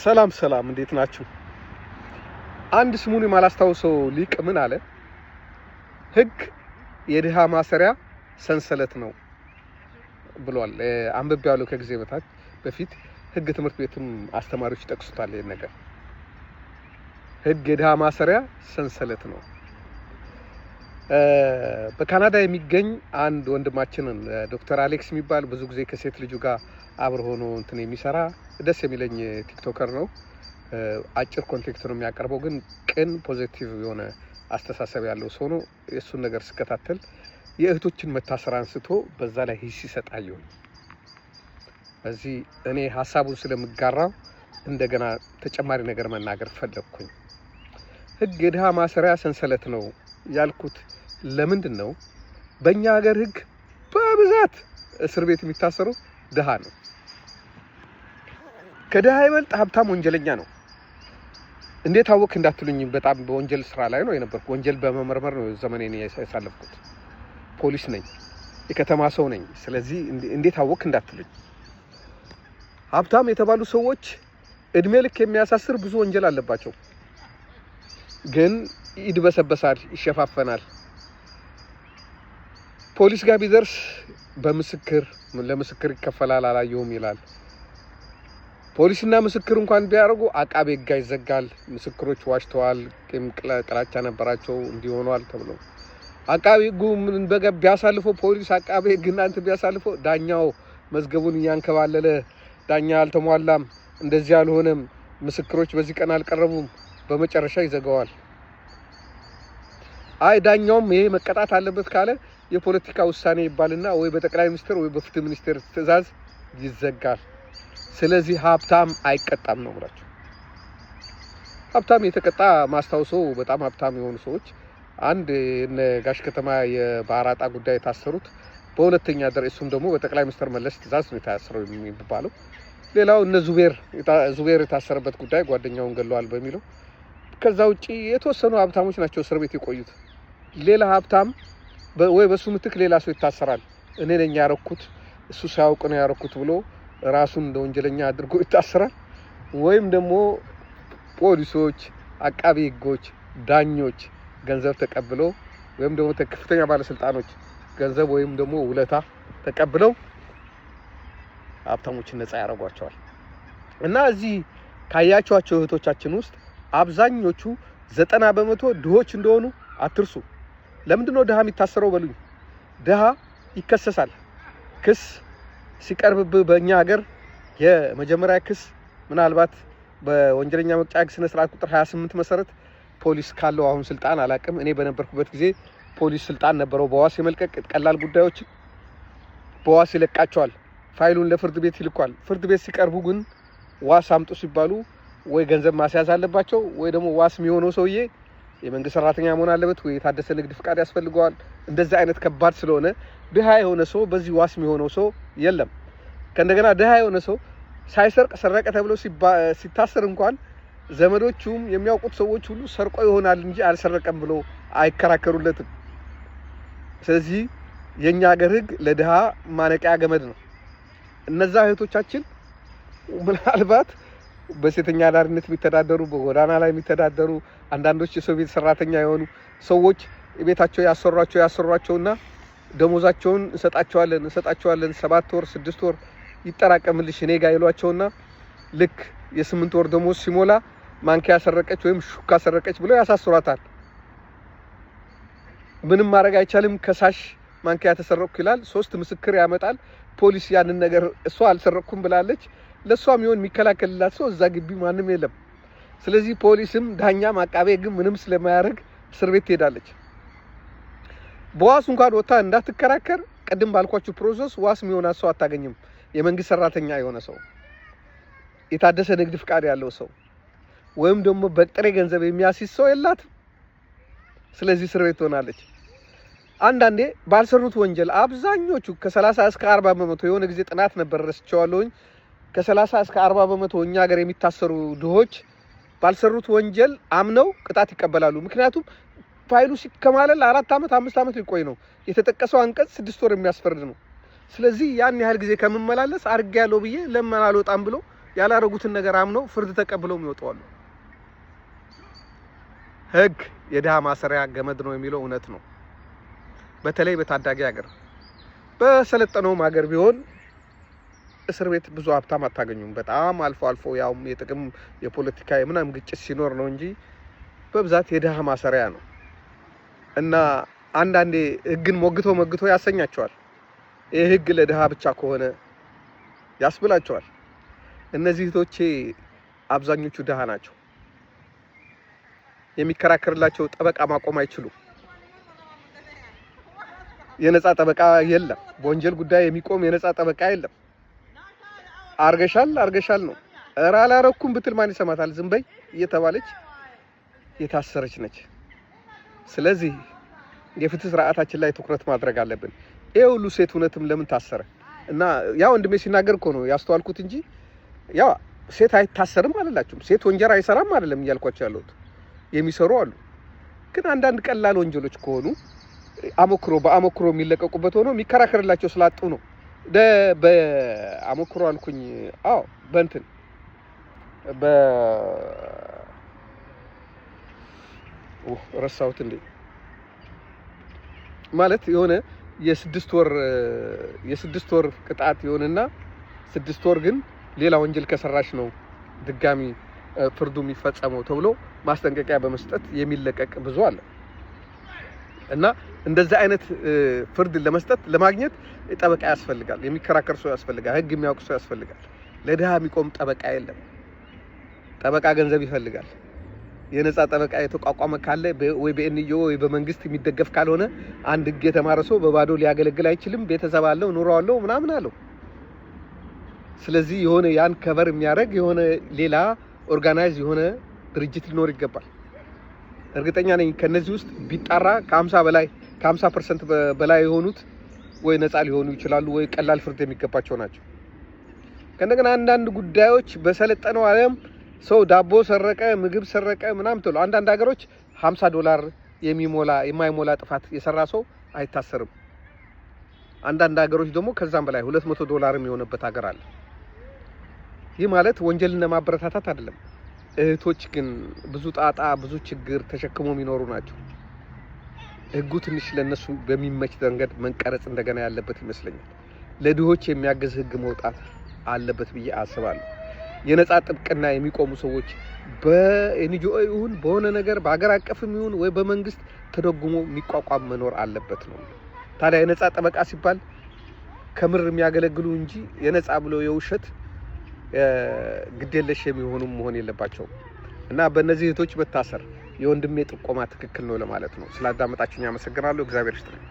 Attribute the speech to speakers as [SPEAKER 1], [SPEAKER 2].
[SPEAKER 1] ሰላም ሰላም፣ እንዴት ናችሁ? አንድ ስሙን የማላስታውሰው ሊቅ ምን አለ? ህግ የድሃ ማሰሪያ ሰንሰለት ነው ብሏል። አንብቤ ያለው ከጊዜ በታች በፊት ህግ ትምህርት ቤትም አስተማሪዎች ይጠቅሱታል። ይሄን ነገር ህግ የድሃ ማሰሪያ ሰንሰለት ነው። በካናዳ የሚገኝ አንድ ወንድማችንን ዶክተር አሌክስ የሚባል ብዙ ጊዜ ከሴት ልጁ ጋር አብር ሆኖ እንትን የሚሰራ ደስ የሚለኝ ቲክቶከር ነው። አጭር ኮንቴክት ነው የሚያቀርበው፣ ግን ቅን ፖዚቲቭ የሆነ አስተሳሰብ ያለው ሰው ነው። የእሱን ነገር ስከታተል የእህቶችን መታሰር አንስቶ በዛ ላይ ሂስ ይሰጣየሁ። በዚህ እኔ ሀሳቡን ስለምጋራው እንደገና ተጨማሪ ነገር መናገር ፈለግኩኝ። ህግ የድሃ ማሰሪያ ሰንሰለት ነው ያልኩት ለምንድን ነው በእኛ ሀገር ህግ በብዛት እስር ቤት የሚታሰረው ድሃ ነው? ከድሃ ይበልጥ ሀብታም ወንጀለኛ ነው። እንዴት አወቅ እንዳትሉኝ፣ በጣም በወንጀል ስራ ላይ ነው የነበርኩ። ወንጀል በመመርመር ነው ዘመኔን ያሳለፍኩት። ፖሊስ ነኝ፣ የከተማ ሰው ነኝ። ስለዚህ እንዴት አወቅ እንዳትሉኝ። ሀብታም የተባሉ ሰዎች እድሜ ልክ የሚያሳስር ብዙ ወንጀል አለባቸው፣ ግን ይድበሰበሳል፣ ይሸፋፈናል። ፖሊስ ጋር ቢደርስ በምስክር ለምስክር ይከፈላል፣ አላየሁም ይላል። ፖሊስና ምስክር እንኳን ቢያደርጉ አቃቤ ሕግ ይዘጋል። ምስክሮች ዋሽተዋል፣ ቂም ጥላቻ ነበራቸው እንዲሆኗል ተብሎ አቃቤ ሕጉ በገ ቢያሳልፈው ፖሊስ አቃቤ ሕግ እናንተ ቢያሳልፈው ዳኛው መዝገቡን እያንከባለለ ዳኛ አልተሟላም፣ እንደዚህ አልሆነም፣ ምስክሮች በዚህ ቀን አልቀረቡም፣ በመጨረሻ ይዘጋዋል። አይ ዳኛውም ይሄ መቀጣት አለበት ካለ የፖለቲካ ውሳኔ ይባልና ወይ በጠቅላይ ሚኒስትር ወይ በፍትህ ሚኒስቴር ትእዛዝ ይዘጋል። ስለዚህ ሀብታም አይቀጣም ነው ምላቸው። ሀብታም የተቀጣ ማስታውሶ በጣም ሀብታም የሆኑ ሰዎች አንድ እነ ጋሽ ከተማ የባራጣ ጉዳይ የታሰሩት በሁለተኛ ደረ እሱም ደግሞ በጠቅላይ ሚኒስትር መለስ ትእዛዝ ነው የታሰረው የሚባለው። ሌላው እነ ዙቤር ዙቤር የታሰረበት ጉዳይ ጓደኛውን ገለዋል በሚለው ከዛ ውጭ የተወሰኑ ሀብታሞች ናቸው እስር ቤት የቆዩት። ሌላ ሀብታም ወይ በእሱ ምትክ ሌላ ሰው ይታሰራል። እኔ ነኝ ያረኩት እሱ ሳያውቅ ነው ያረኩት ብሎ ራሱን እንደ ወንጀለኛ አድርጎ ይታሰራል። ወይም ደግሞ ፖሊሶች፣ አቃቢ ህጎች ዳኞች ገንዘብ ተቀብለው ወይም ደግሞ ከፍተኛ ባለስልጣኖች ገንዘብ ወይም ደግሞ ውለታ ተቀብለው ሀብታሞችን ነፃ ያደርጓቸዋል። እና እዚህ ካያችኋቸው እህቶቻችን ውስጥ አብዛኞቹ ዘጠና በመቶ ድሆች እንደሆኑ አትርሱ። ለምንድን ነው ድሃ የሚታሰረው በሉኝ? ድሃ ይከሰሳል። ክስ ሲቀርብብህ በእኛ ሀገር የመጀመሪያ ክስ ምናልባት በወንጀለኛ መቅጫ ሕግ ስነ ስርዓት ቁጥር 28 መሰረት ፖሊስ ካለው አሁን ስልጣን አላቅም። እኔ በነበርኩበት ጊዜ ፖሊስ ስልጣን ነበረው በዋስ የመልቀቅ ቀላል ጉዳዮችን በዋስ ይለቃቸዋል። ፋይሉን ለፍርድ ቤት ይልኳል። ፍርድ ቤት ሲቀርቡ ግን ዋስ አምጡ ሲባሉ ወይ ገንዘብ ማስያዝ አለባቸው ወይ ደግሞ ዋስ የሚሆነው ሰውዬ የመንግስት ሰራተኛ መሆን አለበት ወይ የታደሰ ንግድ ፍቃድ ያስፈልገዋል። እንደዚህ አይነት ከባድ ስለሆነ ድሃ የሆነ ሰው በዚህ ዋስ የሚሆነው ሰው የለም። ከእንደገና ድሃ የሆነ ሰው ሳይሰርቅ ሰረቀ ተብሎ ሲታሰር እንኳን ዘመዶቹም የሚያውቁት ሰዎች ሁሉ ሰርቆ ይሆናል እንጂ አልሰረቀም ብሎ አይከራከሩለትም። ስለዚህ የእኛ ሀገር ህግ ለድሃ ማነቂያ ገመድ ነው። እነዛ እህቶቻችን ምናልባት በሴተኛ አዳሪነት የሚተዳደሩ በጎዳና ላይ የሚተዳደሩ አንዳንዶች የሰው ቤት ሰራተኛ የሆኑ ሰዎች ቤታቸው ያሰሯቸው ያሰሯቸውና ደሞዛቸውን እንሰጣቸዋለን እንሰጣቸዋለን ሰባት ወር ስድስት ወር ይጠራቀምልሽ እኔ ጋ ይሏቸውና ልክ የስምንት ወር ደሞዝ ሲሞላ ማንኪያ ሰረቀች ወይም ሹካ ሰረቀች ብለው ያሳስሯታል። ምንም ማድረግ አይቻልም። ከሳሽ ማንኪያ ተሰረቅኩ ይላል። ሶስት ምስክር ያመጣል። ፖሊስ ያንን ነገር እሷ አልሰረቅኩም ብላለች ለእሷ የሚሆን የሚከላከልላት ሰው እዛ ግቢ ማንም የለም። ስለዚህ ፖሊስም ዳኛም አቃቤ ግን ምንም ስለማያደርግ እስር ቤት ትሄዳለች። በዋስ እንኳን ወታ እንዳትከራከር ቅድም ባልኳችሁ ፕሮሰስ ዋስ የሚሆናት ሰው አታገኝም። የመንግስት ሰራተኛ የሆነ ሰው፣ የታደሰ ንግድ ፍቃድ ያለው ሰው ወይም ደግሞ በጥሬ ገንዘብ የሚያስይዝ ሰው የላት። ስለዚህ እስር ቤት ትሆናለች። አንዳንዴ ባልሰሩት ወንጀል አብዛኞቹ ከ30 እስከ 40 በመቶ የሆነ ጊዜ ጥናት ነበር ረስቸዋለሁኝ ከ30 እስከ 40 በመቶ እኛ ሀገር የሚታሰሩ ድሆች ባልሰሩት ወንጀል አምነው ቅጣት ይቀበላሉ። ምክንያቱም ፋይሉ ሲከማለል አራት ዓመት አምስት ዓመት ሊቆይ ነው። የተጠቀሰው አንቀጽ ስድስት ወር የሚያስፈርድ ነው። ስለዚህ ያን ያህል ጊዜ ከምመላለስ አድርግ ያለው ብዬ ለምን አልወጣም ብሎ ያላረጉትን ነገር አምነው ፍርድ ተቀብለው ይወጣዋሉ። ህግ የድሃ ማሰሪያ ገመድ ነው የሚለው እውነት ነው። በተለይ በታዳጊ ሀገር፣ በሰለጠነውም ሀገር ቢሆን እስር ቤት ብዙ ሀብታም አታገኙም። በጣም አልፎ አልፎ ያውም የጥቅም የፖለቲካ የምናም ግጭት ሲኖር ነው እንጂ በብዛት የድሃ ማሰሪያ ነው እና አንዳንዴ ህግን ሞግቶ ሞግቶ ያሰኛቸዋል። ይህ ህግ ለድሃ ብቻ ከሆነ ያስብላቸዋል። እነዚህ እህቶቼ አብዛኞቹ ድሃ ናቸው። የሚከራከርላቸው ጠበቃ ማቆም አይችሉም። የነፃ ጠበቃ የለም። በወንጀል ጉዳይ የሚቆም የነፃ ጠበቃ የለም። አርገሻል አርገሻል ነው። እረ አላረኩም ብትል ማን ይሰማታል? ዝም በይ እየተባለች የታሰረች ነች። ስለዚህ የፍትህ ስርዓታችን ላይ ትኩረት ማድረግ አለብን። ይሄ ሁሉ ሴት እውነትም ለምን ታሰረ? እና ያ ወንድሜ ሲናገር እኮ ነው ያስተዋልኩት እንጂ ያ ሴት አይታሰርም አላላችሁም፣ ሴት ወንጀል አይሰራም አይደለም እያልኳቸው ያለሁት የሚሰሩ አሉ። ግን አንዳንድ ቀላል ወንጀሎች ከሆኑ አሞክሮ በአሞክሮ የሚለቀቁበት ሆኖ የሚከራከርላቸው ስላጡ ነው። በአሞክሮ አልኩኝ። አዎ በእንትን ረሳሁት እንዴ ማለት የሆነ የስድስት ወር የስድስት ወር ቅጣት የሆነና ስድስት ወር ግን ሌላ ወንጀል ከሰራሽ ነው ድጋሚ ፍርዱ የሚፈጸመው ተብሎ ማስጠንቀቂያ በመስጠት የሚለቀቅ ብዙ አለ። እና እንደዚህ አይነት ፍርድ ለመስጠት ለማግኘት ጠበቃ ያስፈልጋል። የሚከራከር ሰው ያስፈልጋል። ህግ የሚያውቅ ሰው ያስፈልጋል። ለድሃ የሚቆም ጠበቃ የለም። ጠበቃ ገንዘብ ይፈልጋል። የነፃ ጠበቃ የተቋቋመ ካለ ወይ በኤንጂኦ ወይ በመንግስት የሚደገፍ ካልሆነ አንድ ህግ የተማረ ሰው በባዶ ሊያገለግል አይችልም። ቤተሰብ አለው፣ ኑሮ አለው፣ ምናምን አለው። ስለዚህ የሆነ ያን ከበር የሚያደርግ የሆነ ሌላ ኦርጋናይዝ የሆነ ድርጅት ሊኖር ይገባል። እርግጠኛ ነኝ ከነዚህ ውስጥ ቢጣራ ከ50 በላይ ከ50 ፐርሰንት በላይ የሆኑት ወይ ነፃ ሊሆኑ ይችላሉ ወይ ቀላል ፍርድ የሚገባቸው ናቸው። ከእንደገና አንዳንድ ጉዳዮች በሰለጠነው ዓለም ሰው ዳቦ ሰረቀ፣ ምግብ ሰረቀ ምናምን ትሎ አንዳንድ ሀገሮች 50 ዶላር የሚሞላ የማይሞላ ጥፋት የሰራ ሰው አይታሰርም። አንዳንድ ሀገሮች ደግሞ ከዛም በላይ 200 ዶላርም የሆነበት ሀገር አለ። ይህ ማለት ወንጀልን ለማበረታታት አይደለም። እህቶች ግን ብዙ ጣጣ፣ ብዙ ችግር ተሸክሞ የሚኖሩ ናቸው። ህጉ ትንሽ ለእነሱ በሚመች መንገድ መንቀረጽ እንደገና ያለበት ይመስለኛል። ለድሆች የሚያግዝ ህግ መውጣት አለበት ብዬ አስባለሁ። የነፃ ጥብቅና የሚቆሙ ሰዎች በኤንጂኦ ይሁን በሆነ ነገር በሀገር አቀፍም ይሁን ወይ በመንግስት ተደጉሞ የሚቋቋም መኖር አለበት ነው። ታዲያ የነፃ ጠበቃ ሲባል ከምር የሚያገለግሉ እንጂ የነጻ ብሎ የውሸት ግዴለሽ የሚሆኑ መሆን የለባቸውም እና በእነዚህ እህቶች መታሰር የወንድሜ ጥቆማ ትክክል ነው ለማለት ነው። ስላዳመጣችሁኝ አመሰግናለሁ። እግዚአብሔር ይስጥልኝ።